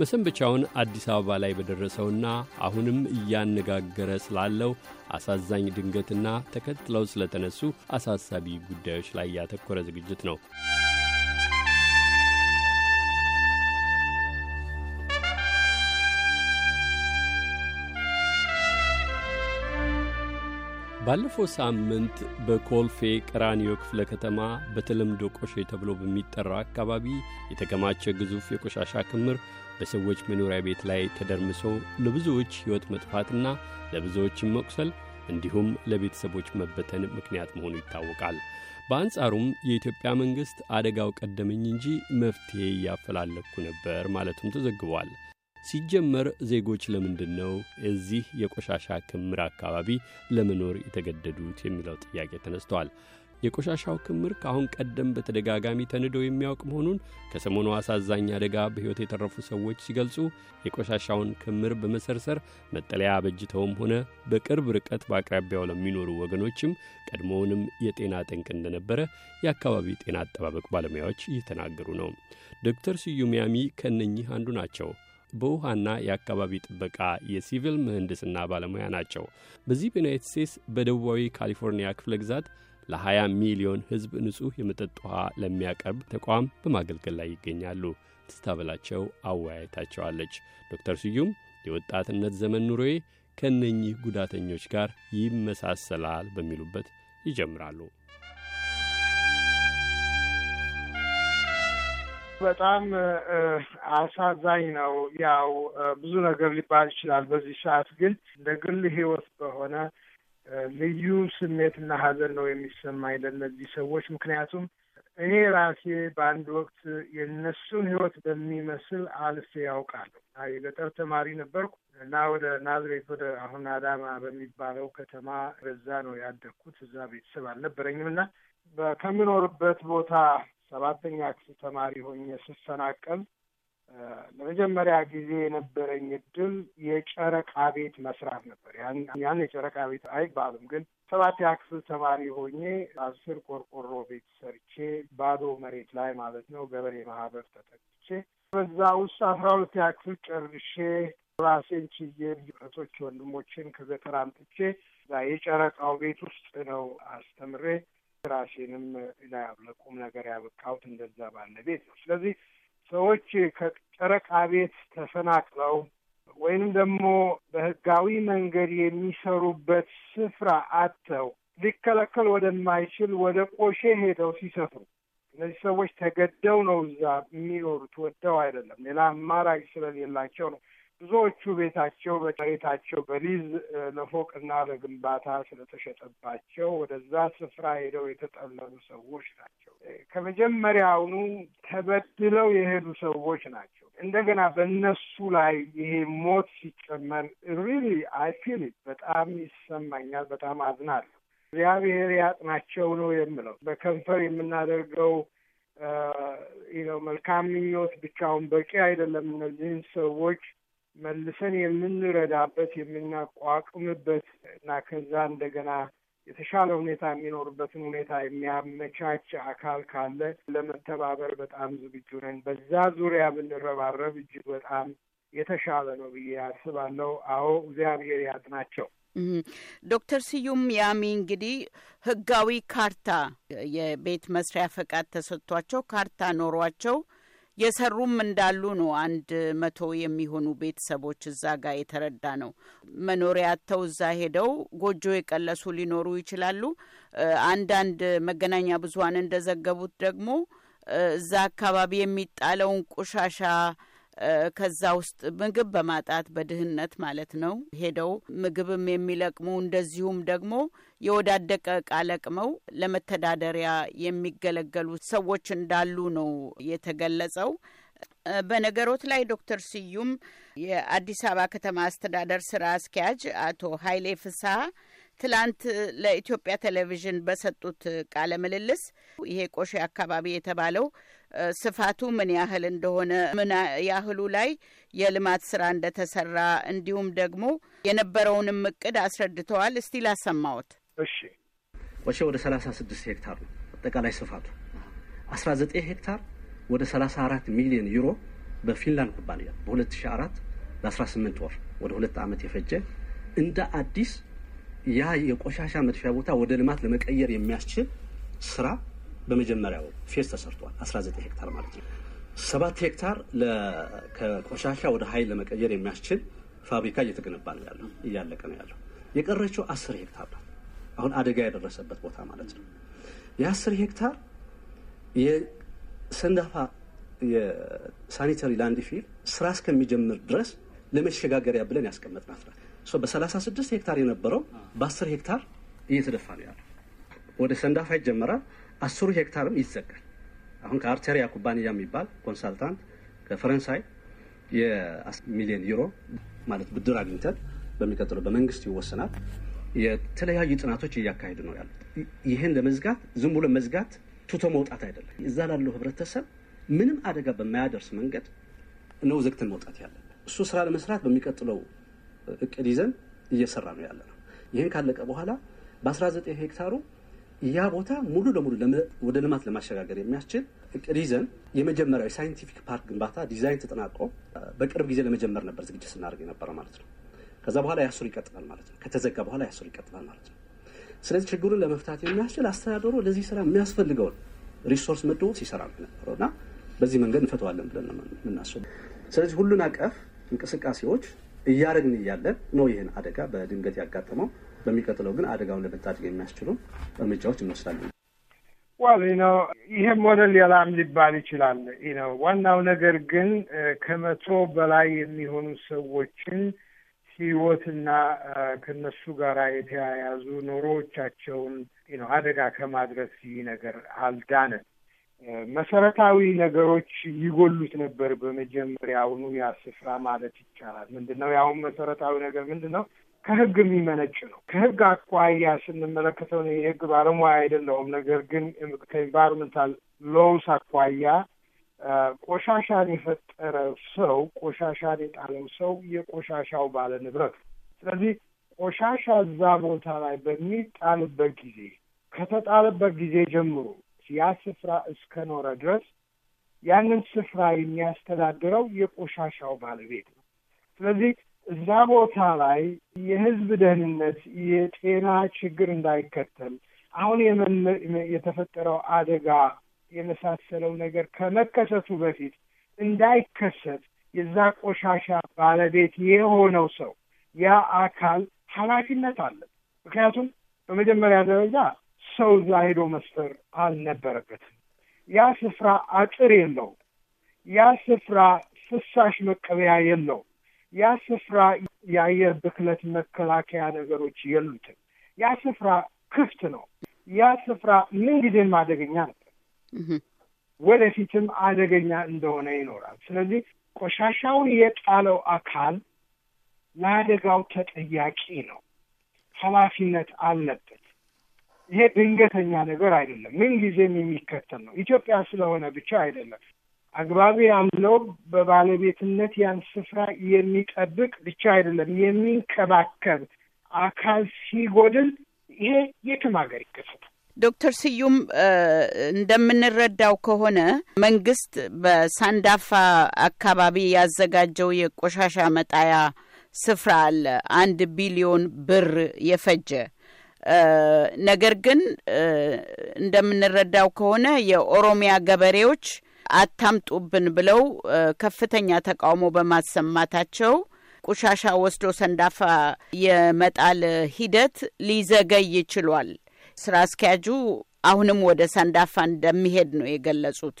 መሰንበቻውን አዲስ አበባ ላይ በደረሰውና አሁንም እያነጋገረ ስላለው አሳዛኝ ድንገትና ተከትለው ስለተነሱ አሳሳቢ ጉዳዮች ላይ ያተኮረ ዝግጅት ነው። ባለፈው ሳምንት በኮልፌ ቀራኒዮ ክፍለ ከተማ በተለምዶ ቆሼ ተብሎ በሚጠራው አካባቢ የተከማቸ ግዙፍ የቆሻሻ ክምር በሰዎች መኖሪያ ቤት ላይ ተደርምሶ ለብዙዎች ሕይወት መጥፋትና ለብዙዎችም መቁሰል እንዲሁም ለቤተሰቦች መበተን ምክንያት መሆኑ ይታወቃል። በአንጻሩም የኢትዮጵያ መንግሥት አደጋው ቀደመኝ እንጂ መፍትሔ እያፈላለኩ ነበር ማለቱም ተዘግቧል። ሲጀመር ዜጎች ለምንድን ነው እዚህ የቆሻሻ ክምር አካባቢ ለመኖር የተገደዱት የሚለው ጥያቄ ተነስተዋል። የቆሻሻው ክምር ከአሁን ቀደም በተደጋጋሚ ተንዶ የሚያውቅ መሆኑን ከሰሞኑ አሳዛኝ አደጋ በሕይወት የተረፉ ሰዎች ሲገልጹ የቆሻሻውን ክምር በመሰርሰር መጠለያ አበጅተውም ሆነ በቅርብ ርቀት በአቅራቢያው ለሚኖሩ ወገኖችም ቀድሞውንም የጤና ጠንቅ እንደነበረ የአካባቢ ጤና አጠባበቅ ባለሙያዎች እየተናገሩ ነው። ዶክተር ስዩም ያሚ ከእነኚህ አንዱ ናቸው። በውሃና የአካባቢ ጥበቃ የሲቪል ምህንድስና ባለሙያ ናቸው። በዚህ በዩናይትድ ስቴትስ በደቡባዊ ካሊፎርኒያ ክፍለ ግዛት ለ20 ሚሊዮን ሕዝብ ንጹሕ የመጠጥ ውሃ ለሚያቀርብ ተቋም በማገልገል ላይ ይገኛሉ። ትስታበላቸው አወያይታቸዋለች። ዶክተር ስዩም የወጣትነት ዘመን ኑሮዬ ከእነኚህ ጉዳተኞች ጋር ይመሳሰላል በሚሉበት ይጀምራሉ። በጣም አሳዛኝ ነው። ያው ብዙ ነገር ሊባል ይችላል። በዚህ ሰዓት ግን እንደ ግል በሆነ ልዩ ስሜትና ሀዘን ነው የሚሰማኝ ለእነዚህ ሰዎች ምክንያቱም እኔ ራሴ በአንድ ወቅት የነሱን ህይወት በሚመስል አልፌ ያውቃለሁ። የገጠር ተማሪ ነበርኩ እና ወደ ናዝሬት ወደ አሁን አዳማ በሚባለው ከተማ በዛ ነው ያደግኩት። እዛ ቤተሰብ አልነበረኝም እና ከምኖርበት ቦታ ሰባተኛ ክፍል ተማሪ ሆኜ ስሰናቀል ለመጀመሪያ ጊዜ የነበረኝ እድል የጨረቃ ቤት መስራት ነበር። ያን የጨረቃ ቤት አይባልም፣ ግን ሰባተኛ ክፍል ተማሪ ሆኜ አስር ቆርቆሮ ቤት ሰርቼ ባዶ መሬት ላይ ማለት ነው ገበሬ ማህበር ተጠቅቼ በዛ ውስጥ አስራ ሁለተኛ ክፍል ጨርሼ ራሴን ችዬ እህቶች ወንድሞችን ከገጠር አምጥቼ የጨረቃው ቤት ውስጥ ነው አስተምሬ ራሴንም ላያብለቁም ነገር ያበቃሁት እንደዛ ባለ ቤት ነው። ስለዚህ ሰዎች ከጨረቃ ቤት ተፈናቅለው ወይንም ደግሞ በህጋዊ መንገድ የሚሰሩበት ስፍራ አጥተው ሊከለከል ወደማይችል ወደ ቆሼ ሄደው ሲሰፍሩ እነዚህ ሰዎች ተገደው ነው እዛ የሚኖሩት፣ ወደው አይደለም። ሌላ አማራጭ ስለሌላቸው ነው። ብዙዎቹ ቤታቸው በመሬታቸው በሊዝ ለፎቅና ለግንባታ ስለተሸጠባቸው ወደዛ ስፍራ ሄደው የተጠለሉ ሰዎች ናቸው። ከመጀመሪያውኑ ተበድለው የሄዱ ሰዎች ናቸው። እንደገና በእነሱ ላይ ይሄ ሞት ሲጨመር ሪሊ አይ ፊል በጣም ይሰማኛል። በጣም አዝናለሁ። እግዚአብሔር ያጥናቸው ነው የምለው። በከንፈር የምናደርገው ነው መልካም ምኞት ብቻውን በቂ አይደለም። እነዚህን ሰዎች መልሰን የምንረዳበት የምናቋቁምበት እና ከዛ እንደገና የተሻለ ሁኔታ የሚኖርበትን ሁኔታ የሚያመቻች አካል ካለ ለመተባበር በጣም ዝግጁ ነን። በዛ ዙሪያ ብንረባረብ እጅግ በጣም የተሻለ ነው ብዬ አስባለሁ። አዎ እግዚአብሔር ያጥናቸው። ዶክተር ስዩም ያሚ እንግዲህ ህጋዊ ካርታ የቤት መስሪያ ፈቃድ ተሰጥቷቸው ካርታ ኖሯቸው የሰሩም እንዳሉ ነው። አንድ መቶ የሚሆኑ ቤተሰቦች እዛ ጋር የተረዳ ነው። መኖሪያ አጥተው እዛ ሄደው ጎጆ የቀለሱ ሊኖሩ ይችላሉ። አንዳንድ መገናኛ ብዙኃን እንደዘገቡት ደግሞ እዛ አካባቢ የሚጣለውን ቆሻሻ ከዛ ውስጥ ምግብ በማጣት በድህነት ማለት ነው ሄደው ምግብም የሚለቅሙ እንደዚሁም ደግሞ የወዳደቀ ዕቃ ለቅመው ለመተዳደሪያ የሚገለገሉ ሰዎች እንዳሉ ነው የተገለጸው። በነገሮት ላይ ዶክተር ስዩም የአዲስ አበባ ከተማ አስተዳደር ስራ አስኪያጅ አቶ ኃይሌ ፍስሐ ትላንት ለኢትዮጵያ ቴሌቪዥን በሰጡት ቃለ ምልልስ ይሄ ቆሼ አካባቢ የተባለው ስፋቱ ምን ያህል እንደሆነ፣ ምን ያህሉ ላይ የልማት ስራ እንደተሰራ እንዲሁም ደግሞ የነበረውንም እቅድ አስረድተዋል። እስቲ ላሰማዎት። እሺ ወሸ ወደ ሰላሳ ስድስት ሄክታር ነው አጠቃላይ ስፋቱ። አስራ ዘጠኝ ሄክታር ወደ ሰላሳ አራት ሚሊዮን ዩሮ በፊንላንድ ኩባንያ በሁለት ሺ አራት ለአስራ ስምንት ወር ወደ ሁለት ዓመት የፈጀ እንደ አዲስ ያ የቆሻሻ መድፊያ ቦታ ወደ ልማት ለመቀየር የሚያስችል ስራ በመጀመሪያው ፌስ ተሰርቷል። 19 ሄክታር ማለት ነው። ሰባት ሄክታር ከቆሻሻ ወደ ኃይል ለመቀየር የሚያስችል ፋብሪካ እየተገነባ ነው ያለው፣ እያለቀ ነው ያለው። የቀረችው አስር ሄክታር ነው አሁን አደጋ የደረሰበት ቦታ ማለት ነው። የአስር ሄክታር የሰንዳፋ የሳኒተሪ ላንድ ፊል ስራ እስከሚጀምር ድረስ ለመሸጋገሪያ ብለን ያስቀመጥናት ናት። በ36 ሄክታር የነበረው በ10 ሄክታር እየተደፋ ነው ያለው። ወደ ሰንዳፋ ይጀመራል። አስሩ ሄክታርም ይዘጋል። አሁን ከአርቴሪያ ኩባንያ የሚባል ኮንሳልታንት ከፈረንሳይ የሚሊዮን ዩሮ ማለት ብድር አግኝተን በሚቀጥለው በመንግስት ይወሰናል። የተለያዩ ጥናቶች እያካሄዱ ነው ያሉት። ይህን ለመዝጋት ዝም ብሎ መዝጋት ቱቶ መውጣት አይደለም። እዛ ላለው ህብረተሰብ ምንም አደጋ በማያደርስ መንገድ ነው ዘግተን መውጣት ያለ እሱ ስራ ለመስራት በሚቀጥለው እቅድ ይዘን እየሰራ ነው ያለ ነው። ይህን ካለቀ በኋላ በ19 ሄክታሩ ያ ቦታ ሙሉ ለሙሉ ወደ ልማት ለማሸጋገር የሚያስችል እቅድ ይዘን የመጀመሪያው የሳይንቲፊክ ፓርክ ግንባታ ዲዛይን ተጠናቆ በቅርብ ጊዜ ለመጀመር ነበር ዝግጅት ስናደርግ የነበረ ማለት ነው። ከዛ በኋላ ያሱር ይቀጥላል ማለት ነው። ከተዘጋ በኋላ ያሱር ይቀጥላል ማለት ነው። ስለዚህ ችግሩን ለመፍታት የሚያስችል አስተዳደሩ ለዚህ ስራ የሚያስፈልገውን ሪሶርስ መድቦ ሲሰራ ነበረው እና በዚህ መንገድ እንፈተዋለን ብለን የምናስበው። ስለዚህ ሁሉን አቀፍ እንቅስቃሴዎች እያደረግን እያለን ነው ይህን አደጋ በድንገት ያጋጠመው። በሚቀጥለው ግን አደጋውን ለመታደግ የሚያስችሉ እርምጃዎች እንወስዳለን። ዋል ነው ይሄ ሞዴል ሌላም ሊባል ይችላል ነው ዋናው ነገር ግን ከመቶ በላይ የሚሆኑ ሰዎችን ህይወትና ከነሱ ጋር የተያያዙ ኑሮዎቻቸውን ነው አደጋ ከማድረስ ይህ ነገር አልዳነም። መሰረታዊ ነገሮች ይጎሉት ነበር በመጀመሪያውኑ ያ ስፍራ ማለት ይቻላል። ምንድን ነው ያሁን መሰረታዊ ነገር ምንድን ነው? ከህግ የሚመነጭ ነው። ከህግ አኳያ ስንመለከተው የህግ ባለሙያ አይደለሁም። ነገር ግን ከኤንቫይሮንመንታል ሎውስ አኳያ ቆሻሻን የፈጠረ ሰው ቆሻሻን የጣለው ሰው የቆሻሻው ባለ ንብረት ነው። ስለዚህ ቆሻሻ እዛ ቦታ ላይ በሚጣልበት ጊዜ ከተጣለበት ጊዜ ጀምሮ ያ ስፍራ እስከኖረ ድረስ ያንን ስፍራ የሚያስተዳድረው የቆሻሻው ባለቤት ነው። ስለዚህ እዛ ቦታ ላይ የህዝብ ደህንነት የጤና ችግር እንዳይከተል አሁን የተፈጠረው አደጋ የመሳሰለው ነገር ከመከሰቱ በፊት እንዳይከሰት የዛ ቆሻሻ ባለቤት የሆነው ሰው ያ አካል ኃላፊነት አለ። ምክንያቱም በመጀመሪያ ደረጃ ሰው እዛ ሄዶ መስፈር አልነበረበትም። ያ ስፍራ አጥር የለውም። ያ ስፍራ ፍሳሽ መቀበያ የለውም። ያ ስፍራ የአየር ብክለት መከላከያ ነገሮች የሉትም። ያ ስፍራ ክፍት ነው። ያ ስፍራ ምንጊዜም አደገኛ ነበር፣ ወደፊትም አደገኛ እንደሆነ ይኖራል። ስለዚህ ቆሻሻውን የጣለው አካል ለአደጋው ተጠያቂ ነው፣ ኃላፊነት አለበት። ይሄ ድንገተኛ ነገር አይደለም፣ ምንጊዜም የሚከተል ነው። ኢትዮጵያ ስለሆነ ብቻ አይደለም። አግባቢ አምለው በባለቤትነት ያን ስፍራ የሚጠብቅ ብቻ አይደለም የሚንከባከብ አካል ሲጎድል ይሄ የትም ሀገር ይከሰታል። ዶክተር ስዩም እንደምንረዳው ከሆነ መንግስት በሳንዳፋ አካባቢ ያዘጋጀው የቆሻሻ መጣያ ስፍራ አለ፣ አንድ ቢሊዮን ብር የፈጀ ነገር ግን እንደምንረዳው ከሆነ የኦሮሚያ ገበሬዎች አታምጡብን ብለው ከፍተኛ ተቃውሞ በማሰማታቸው ቆሻሻ ወስዶ ሰንዳፋ የመጣል ሂደት ሊዘገይ ችሏል። ስራ አስኪያጁ አሁንም ወደ ሰንዳፋ እንደሚሄድ ነው የገለጹት።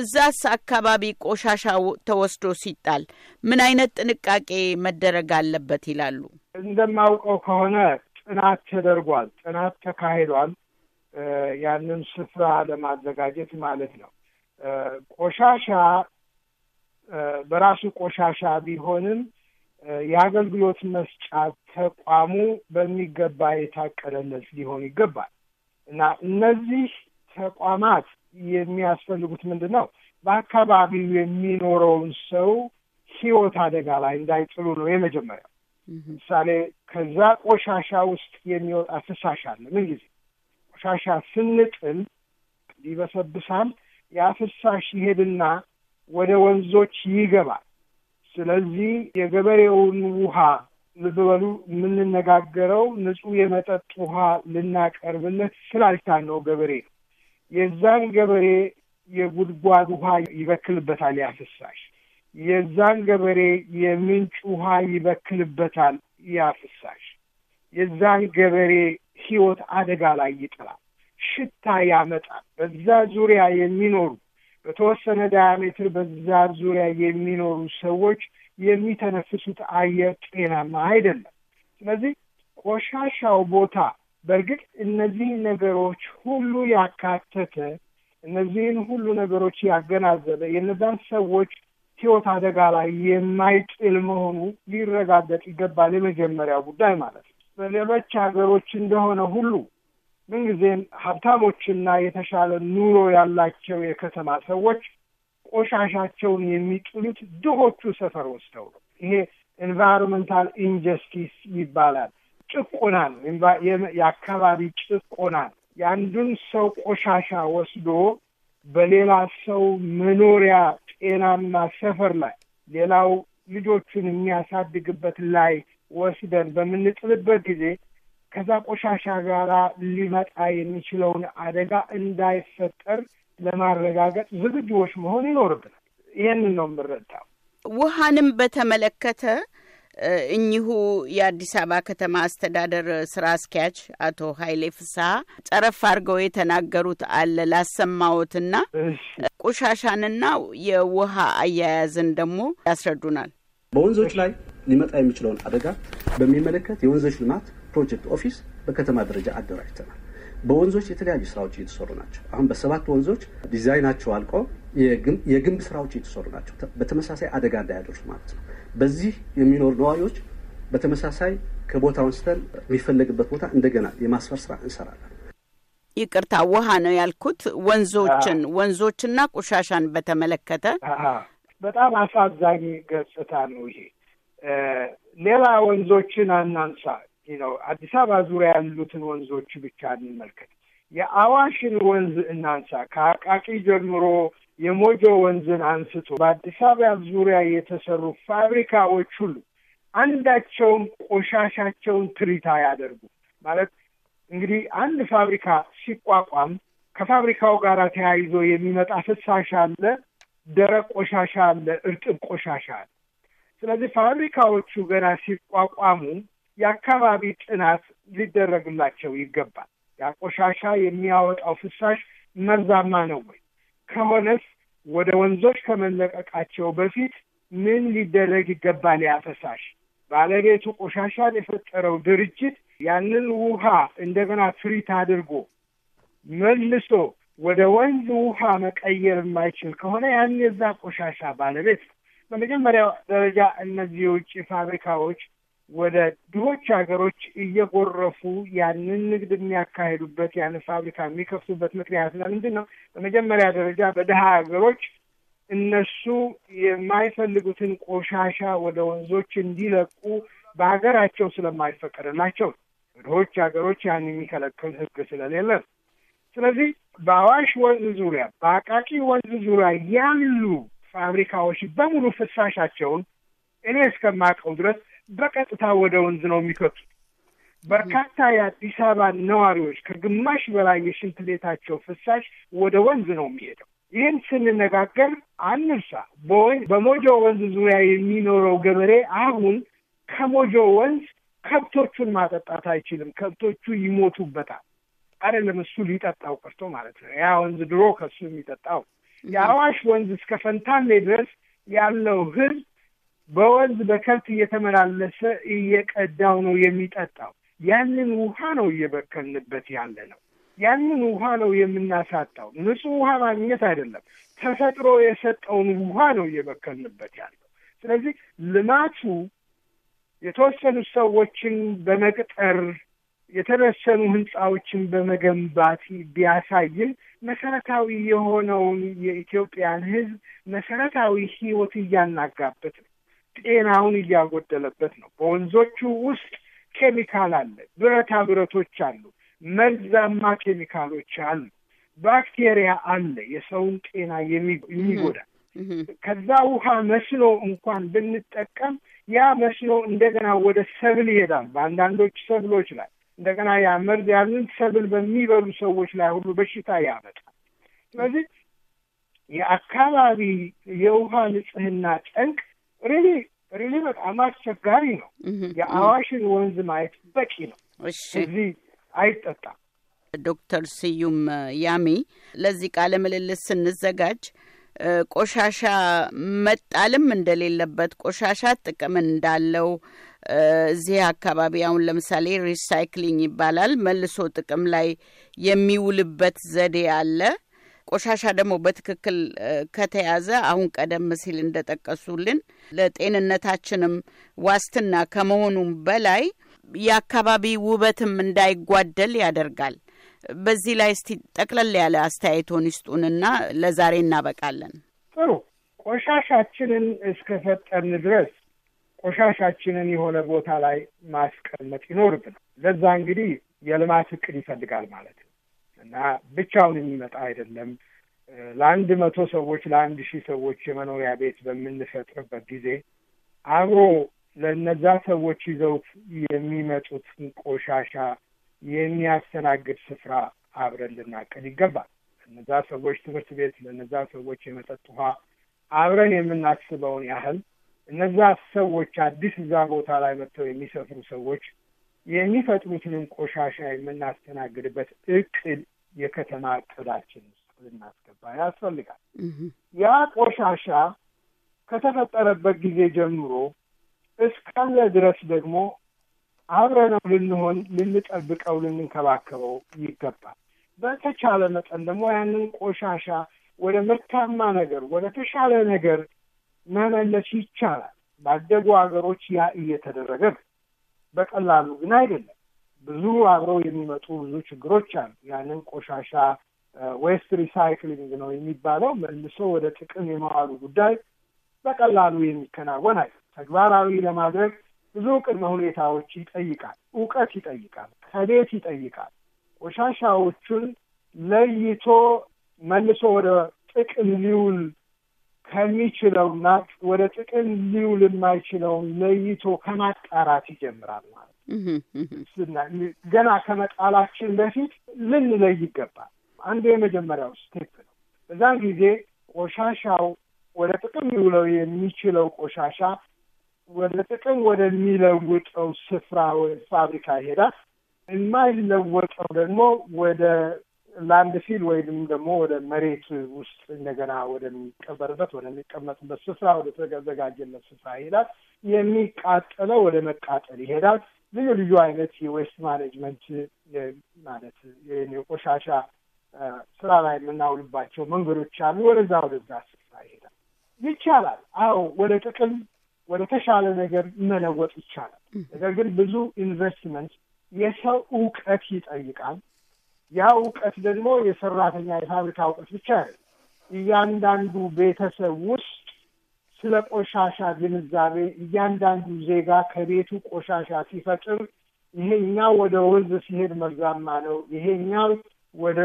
እዛስ አካባቢ ቆሻሻ ተወስዶ ሲጣል ምን አይነት ጥንቃቄ መደረግ አለበት ይላሉ? እንደማውቀው ከሆነ ጥናት ተደርጓል፣ ጥናት ተካሂዷል። ያንን ስፍራ ለማዘጋጀት ማለት ነው። ቆሻሻ በራሱ ቆሻሻ ቢሆንም የአገልግሎት መስጫ ተቋሙ በሚገባ የታቀደለት ሊሆን ይገባል እና እነዚህ ተቋማት የሚያስፈልጉት ምንድን ነው? በአካባቢው የሚኖረውን ሰው ሕይወት አደጋ ላይ እንዳይጥሉ ነው የመጀመሪያው። ለምሳሌ ከዛ ቆሻሻ ውስጥ የሚወጣ ፍሳሽ አለ። ምን ጊዜ ቆሻሻ ስንጥል ሊበሰብሳል ያ ይሄድና ወደ ወንዞች ይገባል። ስለዚህ የገበሬውን ውሃ ልበሉ የምንነጋገረው ንጹህ የመጠጥ ውሃ ልናቀርብለት ስላልቻል ነው። ገበሬ ነው የዛን ገበሬ የጉድጓድ ውሃ ይበክልበታል። ያ የዛን ገበሬ የምንጭ ውሃ ይበክልበታል። ያ የዛን ገበሬ ሕይወት አደጋ ላይ ይጥላል። ሽታ ያመጣል። በዛ ዙሪያ የሚኖሩ በተወሰነ ዳያሜትር በዛ ዙሪያ የሚኖሩ ሰዎች የሚተነፍሱት አየር ጤናማ አይደለም። ስለዚህ ቆሻሻው ቦታ በእርግጥ እነዚህ ነገሮች ሁሉ ያካተተ እነዚህን ሁሉ ነገሮች ያገናዘበ የነዛን ሰዎች ሕይወት አደጋ ላይ የማይጥል መሆኑ ሊረጋገጥ ይገባል። የመጀመሪያው ጉዳይ ማለት ነው። በሌሎች ሀገሮች እንደሆነ ሁሉ ምንጊዜም ሀብታሞችና የተሻለ ኑሮ ያላቸው የከተማ ሰዎች ቆሻሻቸውን የሚጥሉት ድሆቹ ሰፈር ወስደው ነው። ይሄ ኤንቫይሮንመንታል ኢንጀስቲስ ይባላል። ጭቆና ነው። የአካባቢ ጭቆና ነው። የአንዱን ሰው ቆሻሻ ወስዶ በሌላ ሰው መኖሪያ ጤናማ ሰፈር ላይ ሌላው ልጆቹን የሚያሳድግበት ላይ ወስደን በምንጥልበት ጊዜ ከዛ ቆሻሻ ጋር ሊመጣ የሚችለውን አደጋ እንዳይፈጠር ለማረጋገጥ ዝግጁዎች መሆን ይኖርብናል። ይህንን ነው የምንረዳው። ውሃንም በተመለከተ እኚሁ የአዲስ አበባ ከተማ አስተዳደር ስራ አስኪያጅ አቶ ኃይሌ ፍስሐ ጨረፍ አድርገው የተናገሩት አለ ላሰማዎትና ቆሻሻንና የውሃ አያያዝን ደግሞ ያስረዱናል። በወንዞች ላይ ሊመጣ የሚችለውን አደጋ በሚመለከት የወንዞች ልማት ፕሮጀክት ኦፊስ በከተማ ደረጃ አደራጅተናል። በወንዞች የተለያዩ ስራዎች እየተሰሩ ናቸው። አሁን በሰባት ወንዞች ዲዛይናቸው አልቆ የግንብ ስራዎች እየተሰሩ ናቸው። በተመሳሳይ አደጋ እንዳያደርሱ ማለት ነው። በዚህ የሚኖሩ ነዋሪዎች በተመሳሳይ ከቦታ አንስተን የሚፈለግበት ቦታ እንደገና የማስፈር ስራ እንሰራለን። ይቅርታ ውሃ ነው ያልኩት። ወንዞችን ወንዞችና ቆሻሻን በተመለከተ በጣም አሳዛኝ ገጽታ ነው ይሄ። ሌላ ወንዞችን አናንሳ ነው። አዲስ አበባ ዙሪያ ያሉትን ወንዞች ብቻ እንመልከት። የአዋሽን ወንዝ እናንሳ። ከአቃቂ ጀምሮ የሞጆ ወንዝን አንስቶ በአዲስ አበባ ዙሪያ የተሰሩ ፋብሪካዎች ሁሉ አንዳቸውም ቆሻሻቸውን ትሪታ ያደርጉ ማለት እንግዲህ አንድ ፋብሪካ ሲቋቋም ከፋብሪካው ጋር ተያይዞ የሚመጣ ፍሳሽ አለ፣ ደረቅ ቆሻሻ አለ፣ እርጥብ ቆሻሻ አለ። ስለዚህ ፋብሪካዎቹ ገና ሲቋቋሙ የአካባቢ ጥናት ሊደረግላቸው ይገባል። ያ ቆሻሻ የሚያወጣው ፍሳሽ መርዛማ ነው ወይ? ከሆነስ ወደ ወንዞች ከመለቀቃቸው በፊት ምን ሊደረግ ይገባል? ያፈሳሽ ባለቤቱ ቆሻሻን የፈጠረው ድርጅት ያንን ውሃ እንደገና ትሪት አድርጎ መልሶ ወደ ወንዝ ውሃ መቀየር የማይችል ከሆነ ያን የዛ ቆሻሻ ባለቤት በመጀመሪያው ደረጃ እነዚህ የውጭ ፋብሪካዎች ወደ ድሆች ሀገሮች እየጎረፉ ያንን ንግድ የሚያካሂዱበት ያንን ፋብሪካ የሚከፍቱበት ምክንያት ምንድን ነው? በመጀመሪያ ደረጃ በድሃ ሀገሮች እነሱ የማይፈልጉትን ቆሻሻ ወደ ወንዞች እንዲለቁ በሀገራቸው ስለማይፈቀድላቸው ድሆች ሀገሮች ያን የሚከለክል ህግ ስለሌለ ስለዚህ በአዋሽ ወንዝ ዙሪያ በአቃቂ ወንዝ ዙሪያ ያሉ ፋብሪካዎች በሙሉ ፍሳሻቸውን እኔ እስከማውቀው ድረስ በቀጥታ ወደ ወንዝ ነው የሚከቱት። በርካታ የአዲስ አበባ ነዋሪዎች ከግማሽ በላይ የሽንት ቤታቸው ፍሳሽ ወደ ወንዝ ነው የሚሄደው። ይህን ስንነጋገር አንርሳ፣ በሞጆ ወንዝ ዙሪያ የሚኖረው ገበሬ አሁን ከሞጆ ወንዝ ከብቶቹን ማጠጣት አይችልም። ከብቶቹ ይሞቱበታል። አይደለም እሱ ሊጠጣው ቀርቶ ማለት ነው። ያ ወንዝ ድሮ ከሱ የሚጠጣው የአዋሽ ወንዝ እስከ ፈንታሌ ድረስ ያለው ህዝብ በወንዝ በከብት እየተመላለሰ እየቀዳው ነው የሚጠጣው። ያንን ውሃ ነው እየበከልንበት ያለ ነው። ያንን ውሃ ነው የምናሳጣው። ንጹህ ውሃ ማግኘት አይደለም፣ ተፈጥሮ የሰጠውን ውሃ ነው እየበከልንበት ያለው። ስለዚህ ልማቱ የተወሰኑ ሰዎችን በመቅጠር የተረሰኑ ህንፃዎችን በመገንባት ቢያሳይም መሰረታዊ የሆነውን የኢትዮጵያን ህዝብ መሰረታዊ ህይወት እያናጋበት ጤናውን እያጎደለበት ነው። በወንዞቹ ውስጥ ኬሚካል አለ፣ ብረታ ብረቶች አሉ፣ መርዛማ ኬሚካሎች አሉ፣ ባክቴሪያ አለ የሰውን ጤና የሚጎዳ ከዛ ውሃ መስኖ እንኳን ብንጠቀም ያ መስኖ እንደገና ወደ ሰብል ይሄዳል። በአንዳንዶች ሰብሎች ላይ እንደገና ያ መርዝ ያንን ሰብል በሚበሉ ሰዎች ላይ ሁሉ በሽታ ያመጣል። ስለዚህ የአካባቢ የውሃ ንጽህና ጠንቅ ሪሊ ሪሊ በጣም አስቸጋሪ ነው። የአዋሽን ወንዝ ማየት በቂ ነው። እዚህ አይጠጣም። ዶክተር ስዩም ያሚ ለዚህ ቃለ ምልልስ ስንዘጋጅ ቆሻሻ መጣልም እንደሌለበት ቆሻሻ ጥቅም እንዳለው እዚህ አካባቢ አሁን ለምሳሌ ሪሳይክሊንግ ይባላል መልሶ ጥቅም ላይ የሚውልበት ዘዴ አለ። ቆሻሻ ደግሞ በትክክል ከተያዘ አሁን ቀደም ሲል እንደጠቀሱልን ለጤንነታችንም ዋስትና ከመሆኑም በላይ የአካባቢ ውበትም እንዳይጓደል ያደርጋል። በዚህ ላይ እስቲ ጠቅለል ያለ አስተያየቶን ይስጡንና ለዛሬ እናበቃለን። ጥሩ ቆሻሻችንን እስከሰጠን ድረስ ቆሻሻችንን የሆነ ቦታ ላይ ማስቀመጥ ይኖርብናል። ለዛ እንግዲህ የልማት እቅድ ይፈልጋል ማለት ነው። እና ብቻውን የሚመጣ አይደለም። ለአንድ መቶ ሰዎች ለአንድ ሺህ ሰዎች የመኖሪያ ቤት በምንፈጥርበት ጊዜ አብሮ ለነዛ ሰዎች ይዘውት የሚመጡት ቆሻሻ የሚያስተናግድ ስፍራ አብረን ልናቅድ ይገባል። ለነዛ ሰዎች ትምህርት ቤት፣ ለነዛ ሰዎች የመጠጥ ውሃ አብረን የምናስበውን ያህል እነዛ ሰዎች አዲስ እዛ ቦታ ላይ መጥተው የሚሰፍሩ ሰዎች የሚፈጥሩትንም ቆሻሻ የምናስተናግድበት እቅድ የከተማ እቅዳችን ውስጥ ልናስገባ ያስፈልጋል። ያ ቆሻሻ ከተፈጠረበት ጊዜ ጀምሮ እስካለ ድረስ ደግሞ አብረነው ልንሆን፣ ልንጠብቀው፣ ልንንከባከበው ይገባል። በተቻለ መጠን ደግሞ ያንን ቆሻሻ ወደ ምርታማ ነገር፣ ወደ ተሻለ ነገር መመለስ ይቻላል። ባደጉ ሀገሮች ያ እየተደረገ ነው። በቀላሉ ግን አይደለም። ብዙ አብረው የሚመጡ ብዙ ችግሮች አሉ። ያንን ቆሻሻ ዌስት ሪሳይክሊንግ ነው የሚባለው መልሶ ወደ ጥቅም የመዋሉ ጉዳይ በቀላሉ የሚከናወን አይደለም። ተግባራዊ ለማድረግ ብዙ ቅድመ ሁኔታዎች ይጠይቃል። እውቀት ይጠይቃል። ከቤት ይጠይቃል። ቆሻሻዎቹን ለይቶ መልሶ ወደ ጥቅም ሊውል ከሚችለውና ወደ ጥቅም ሊውል የማይችለውን ለይቶ ከማጣራት ይጀምራል ማለት ነው። ገና ከመጣላችን በፊት ልንለይ ይገባል። አንዱ የመጀመሪያው ስቴፕ ነው። በዛን ጊዜ ቆሻሻው ወደ ጥቅም ሊውለው የሚችለው ቆሻሻ ወደ ጥቅም ወደሚለውጠው ስፍራ ፋብሪካ ይሄዳል። የማይለወጠው ደግሞ ወደ ላንድ ፊል ወይም ደግሞ ወደ መሬት ውስጥ እንደገና ወደሚቀበርበት ወደሚቀመጥበት ስፍራ ወደ ተዘጋጀለት ስፍራ ይሄዳል። የሚቃጠለው ወደ መቃጠል ይሄዳል። ልዩ ልዩ አይነት የዌስት ማኔጅመንት ማለት የቆሻሻ ስራ ላይ የምናውልባቸው መንገዶች አሉ። ወደዛ ወደዛ ስፍራ ይሄዳል። ይቻላል። አዎ ወደ ጥቅም ወደ ተሻለ ነገር መለወጥ ይቻላል። ነገር ግን ብዙ ኢንቨስትመንት የሰው እውቀት ይጠይቃል። ያ እውቀት ደግሞ የሰራተኛ የፋብሪካ እውቀት ብቻ አይደለም። እያንዳንዱ ቤተሰብ ውስጥ ስለ ቆሻሻ ግንዛቤ እያንዳንዱ ዜጋ ከቤቱ ቆሻሻ ሲፈጥር ይሄኛው ወደ ወንዝ ሲሄድ መርዛማ ነው፣ ይሄኛው ወደ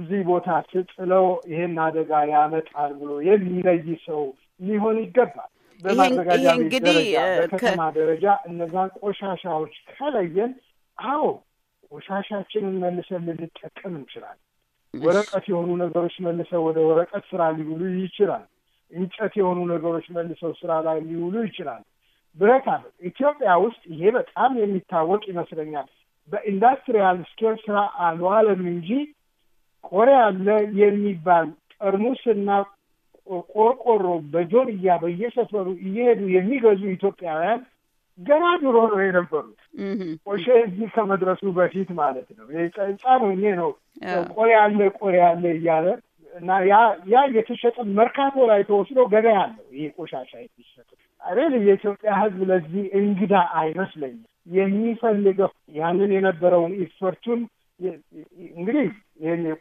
እዚህ ቦታ ስጥለው ይሄን አደጋ ያመጣል ብሎ የሚለይ ሰው ሊሆን ይገባል። በማዘጋጃ ቤት ደረጃ በከተማ ደረጃ እነዛን ቆሻሻዎች ከለየን፣ አዎ ቆሻሻችንን መልሰን ልንጠቀም እንችላለን። ወረቀት የሆኑ ነገሮች መልሰው ወደ ወረቀት ስራ ሊውሉ ይችላል። እንጨት የሆኑ ነገሮች መልሰው ስራ ላይ ሊውሉ ይችላል። ብረት አለ። ኢትዮጵያ ውስጥ ይሄ በጣም የሚታወቅ ይመስለኛል። በኢንዱስትሪያል ስኬል ስራ አልዋለም እንጂ ቆሬ አለ የሚባል ጠርሙስና ቆርቆሮ በጆርያ በየሰፈሩ እየሄዱ የሚገዙ ኢትዮጵያውያን ገና ድሮ ነው የነበሩት። ቆሼ እዚህ ከመድረሱ በፊት ማለት ነው። ጸንጻር እኔ ነው ቆሬ አለ ቆሬ አለ እያለ እና ያ የተሸጠ መርካቶ ላይ ተወስዶ ገበያ አለው። ይሄ ቆሻሻ የተሸጠ ሬል የኢትዮጵያ ሕዝብ ለዚህ እንግዳ አይመስለኝም። የሚፈልገው ያንን የነበረውን ኢስፖርቱን እንግዲህ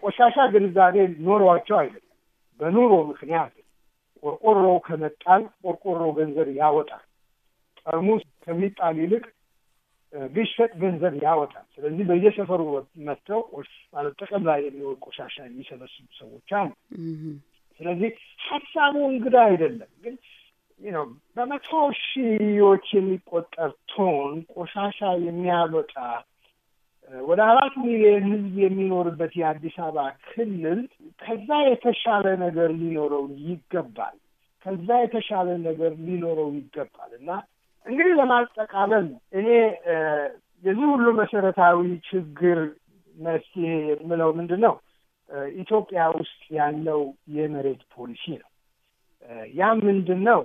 ቆሻሻ ግንዛቤ ኖሯቸው አይደለም፣ በኑሮ ምክንያት ቆርቆሮ ከመጣል ቆርቆሮ ገንዘብ ያወጣል ጠርሙስ ከሚጣል ይልቅ ቢሸጥ ገንዘብ ያወጣል። ስለዚህ በየሰፈሩ መጥተው ማለት ጥቅም ላይ የሚውል ቆሻሻ የሚሰበስቡ ሰዎች አሉ። ስለዚህ ሀሳቡ እንግዳ አይደለም፣ ግን ነው በመቶ ሺዎች የሚቆጠር ቶን ቆሻሻ የሚያወጣ ወደ አራት ሚሊዮን ሕዝብ የሚኖርበት የአዲስ አበባ ክልል ከዛ የተሻለ ነገር ሊኖረው ይገባል። ከዛ የተሻለ ነገር ሊኖረው ይገባል እና እንግዲህ ለማጠቃለል እኔ የዚህ ሁሉ መሰረታዊ ችግር መፍትሄ የምለው ምንድን ነው? ኢትዮጵያ ውስጥ ያለው የመሬት ፖሊሲ ነው። ያ ምንድን ነው?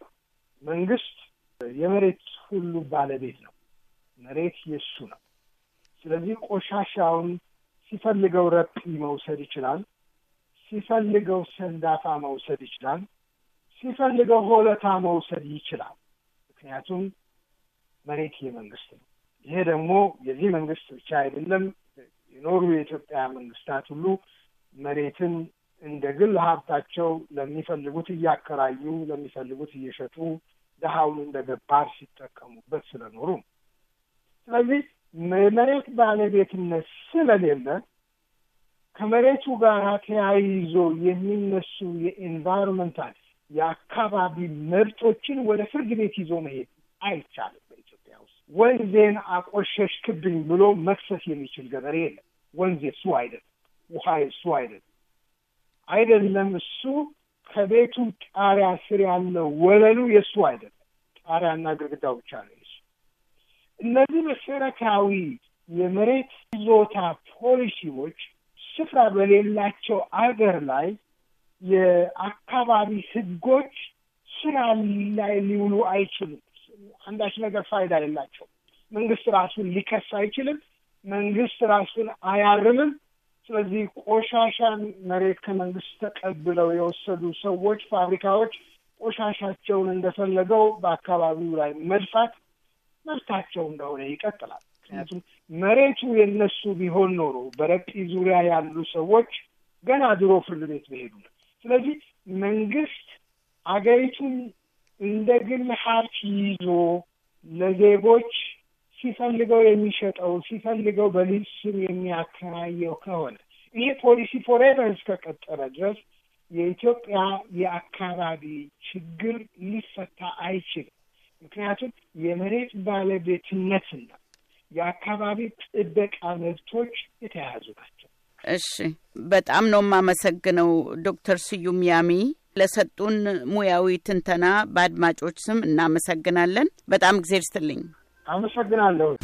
መንግስት የመሬት ሁሉ ባለቤት ነው። መሬት የሱ ነው። ስለዚህ ቆሻሻውን ሲፈልገው ረጲ መውሰድ ይችላል። ሲፈልገው ሰንዳፋ መውሰድ ይችላል። ሲፈልገው ሆለታ መውሰድ ይችላል። ምክንያቱም መሬት የመንግስት ነው። ይሄ ደግሞ የዚህ መንግስት ብቻ አይደለም። የኖሩ የኢትዮጵያ መንግስታት ሁሉ መሬትን እንደ ግል ሀብታቸው ለሚፈልጉት እያከራዩ ለሚፈልጉት እየሸጡ ድሀውን እንደ ገባር ሲጠቀሙበት ስለኖሩ ስለዚህ መሬት ባለቤትነት ስለሌለ ከመሬቱ ጋር ተያይዞ የሚነሱ የኤንቫይሮንመንታል የአካባቢ መብቶችን ወደ ፍርድ ቤት ይዞ መሄድ አይቻልም። ወንዜን አቆሸሽክብኝ ብሎ መክሰስ የሚችል ገበሬ የለም። ወንዜ እሱ አይደለም፣ ውሃ እሱ አይደለም አይደለም እሱ ከቤቱ ጣሪያ ስር ያለው ወለሉ የእሱ አይደለም። ጣሪያና ግድግዳው ብቻ ነው የሱ። እነዚህ መሰረታዊ የመሬት ይዞታ ፖሊሲዎች ስፍራ በሌላቸው አገር ላይ የአካባቢ ህጎች ስራ ላይ ሊውሉ አይችሉም። አንዳች ነገር ፋይዳ አይደላቸው። መንግስት ራሱን ሊከስ አይችልም። መንግስት ራሱን አያርምም። ስለዚህ ቆሻሻን መሬት ከመንግስት ተቀብለው የወሰዱ ሰዎች፣ ፋብሪካዎች ቆሻሻቸውን እንደፈለገው በአካባቢው ላይ መድፋት መብታቸው እንደሆነ ይቀጥላል። ምክንያቱም መሬቱ የነሱ ቢሆን ኖሮ በረቂ ዙሪያ ያሉ ሰዎች ገና ድሮ ፍርድ ቤት በሄዱ። ስለዚህ መንግስት አገሪቱን እንደ ግል ሀብት ይዞ ለዜጎች ሲፈልገው የሚሸጠው ሲፈልገው በሊዝ ስም የሚያከራየው ከሆነ ይሄ ፖሊሲ ፎሬቨር እስከቀጠለ ድረስ የኢትዮጵያ የአካባቢ ችግር ሊፈታ አይችልም። ምክንያቱም የመሬት ባለቤትነትና የአካባቢ ጥበቃ መብቶች የተያያዙ ናቸው። እሺ፣ በጣም ነው የማመሰግነው ዶክተር ስዩም ያሚ። ለሰጡን ሙያዊ ትንተና በአድማጮች ስም እናመሰግናለን። በጣም እግዜር ይስጥልኝ። አመሰግናለሁ።